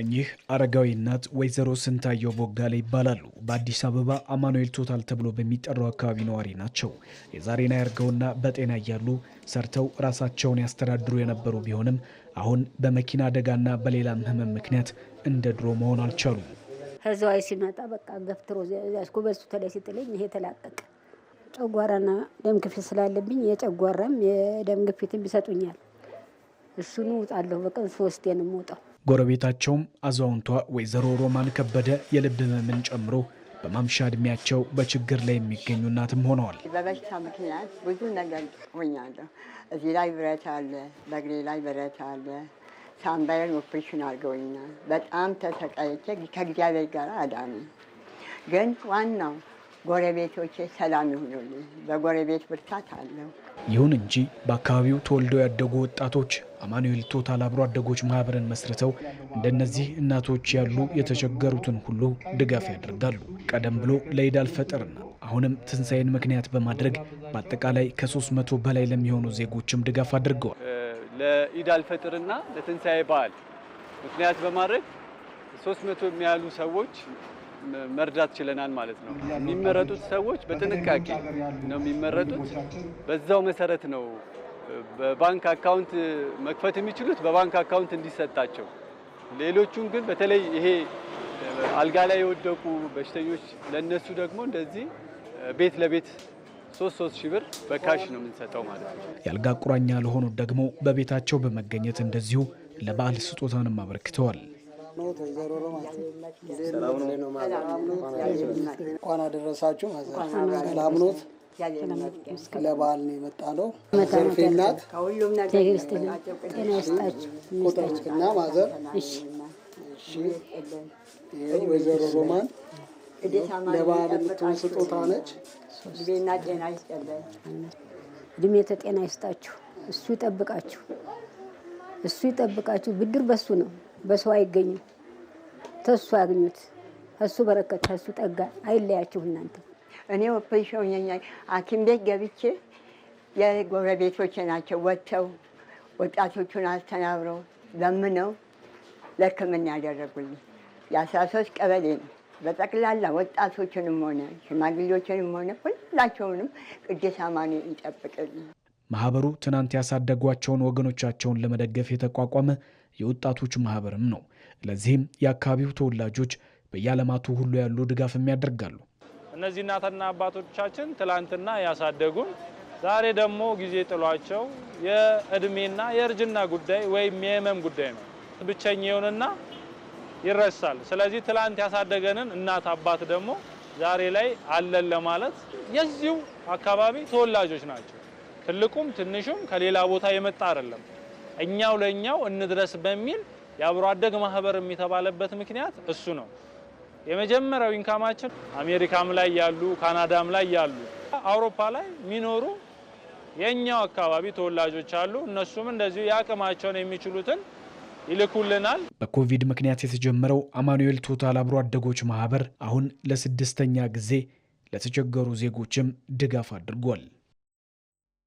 እኚህ አረጋዊ እናት ወይዘሮ ስንታየው ቦጋለ ይባላሉ። በአዲስ አበባ አማኑኤል ቶታል ተብሎ በሚጠራው አካባቢ ነዋሪ ናቸው። የዛሬን አያርገውና በጤና እያሉ ሰርተው ራሳቸውን ያስተዳድሩ የነበሩ ቢሆንም አሁን በመኪና አደጋና በሌላም ሕመም ምክንያት እንደ ድሮ መሆን አልቻሉም። ህዝዋይ ሲመጣ በቃ ገፍትሮ ያዝኩ በሱ ተላይ ሲጥለኝ ይሄ ተላቀቀ። ጨጓራና ደም ግፊት ስላለብኝ የጨጓራም የደም ግፊትም ይሰጡኛል። እሱን ውጣለሁ በቀን ሶስቴን የምወጣው ጎረቤታቸውም አዛውንቷ ወይዘሮ ሮማን ከበደ የልብ ህመምን ጨምሮ በማምሻ እድሜያቸው በችግር ላይ የሚገኙ እናትም ሆነዋል። በበሽታ ምክንያት ብዙ ነገር ሆኛለሁ። እዚህ ላይ ብረት አለ፣ በእግሬ ላይ ብረት አለ። ሳምባዬን ኦፕሬሽን አድርገውኛል። በጣም ተሰቃይቼ ከእግዚአብሔር ጋር አዳነ። ግን ዋናው ጎረቤቶቼ ሰላም ይሁኑልኝ። በጎረቤት ብርታት አለው። ይሁን እንጂ በአካባቢው ተወልደው ያደጉ ወጣቶች አማኑኤል ቶታል አብሮ አደጎች ማህበርን መስርተው እንደነዚህ እናቶች ያሉ የተቸገሩትን ሁሉ ድጋፍ ያደርጋሉ። ቀደም ብሎ ለኢድ አልፈጥርና አሁንም ትንሣኤን ምክንያት በማድረግ በአጠቃላይ ከሶስት መቶ በላይ ለሚሆኑ ዜጎችም ድጋፍ አድርገዋል። ለኢድ አልፈጥርና ለትንሣኤ በዓል ምክንያት በማድረግ ሶስት መቶ የሚያሉ ሰዎች መርዳት ችለናል ማለት ነው። የሚመረጡት ሰዎች በጥንቃቄ ነው የሚመረጡት። በዛው መሰረት ነው በባንክ አካውንት መክፈት የሚችሉት በባንክ አካውንት እንዲሰጣቸው። ሌሎቹን ግን በተለይ ይሄ አልጋ ላይ የወደቁ በሽተኞች ለነሱ ደግሞ እንደዚህ ቤት ለቤት ሶስት ሶስት ሺህ ብር በካሽ ነው የምንሰጠው ማለት ነው። የአልጋ ቁራኛ ለሆኑ ደግሞ በቤታቸው በመገኘት እንደዚሁ ለበዓል ስጦታንም አበርክተዋል። ኖት ወይዘሮ እንኳን አደረሳችሁ። ሰላም ኖት ለበዓል ነው የመጣ ነው። ዘርፌ ቁጥርና ማዘር ወይዘሮ ሮማን ለበዓል የምትሆን ስጦታ ነች። እድሜ ተጤና ይስጣችሁ። እሱ ይጠብቃችሁ። እሱ ይጠብቃችሁ። ብድር በሱ ነው። በሰው አይገኝም። ተሱ አግኙት፣ እሱ በረከት፣ ተሱ ጠጋ አይለያችሁ እናንተ። እኔ ኦፕሬሽን ኛኛ ሐኪም ቤት ገብቼ የጎረቤቶች ናቸው ወጥተው ወጣቶቹን አስተናብረው ለምነው ለሕክምና ያደረጉልኝ የአስራ ሶስት ቀበሌ ነው። በጠቅላላ ወጣቶችንም ሆነ ሽማግሌዎችንም ሆነ ሁላቸውንም ቅድስ አማኑኤል ይጠብቅልኝ። ማህበሩ ትናንት ያሳደጓቸውን ወገኖቻቸውን ለመደገፍ የተቋቋመ የወጣቶች ማህበርም ነው። ለዚህም የአካባቢው ተወላጆች በየዓለማቱ ሁሉ ያሉ ድጋፍም ያደርጋሉ። እነዚህ እናትና አባቶቻችን ትላንትና ያሳደጉን ዛሬ ደግሞ ጊዜ ጥሏቸው የእድሜና የእርጅና ጉዳይ ወይም የህመም ጉዳይ ነው ብቸኛውንና ይረሳል። ስለዚህ ትላንት ያሳደገንን እናት አባት ደግሞ ዛሬ ላይ አለን ለማለት የዚሁ አካባቢ ተወላጆች ናቸው። ትልቁም ትንሹም ከሌላ ቦታ የመጣ አይደለም። እኛው ለእኛው እንድረስ በሚል የአብሮ አደግ ማህበር የተባለበት ምክንያት እሱ ነው። የመጀመሪያው ኢንካማችን አሜሪካም ላይ ያሉ ካናዳም ላይ ያሉ አውሮፓ ላይ የሚኖሩ የኛው አካባቢ ተወላጆች አሉ። እነሱም እንደዚሁ የአቅማቸውን የሚችሉትን ይልኩልናል። በኮቪድ ምክንያት የተጀመረው አማኑኤል ቶታል አብሮ አደጎች ማህበር አሁን ለስድስተኛ ጊዜ ለተቸገሩ ዜጎችም ድጋፍ አድርጓል።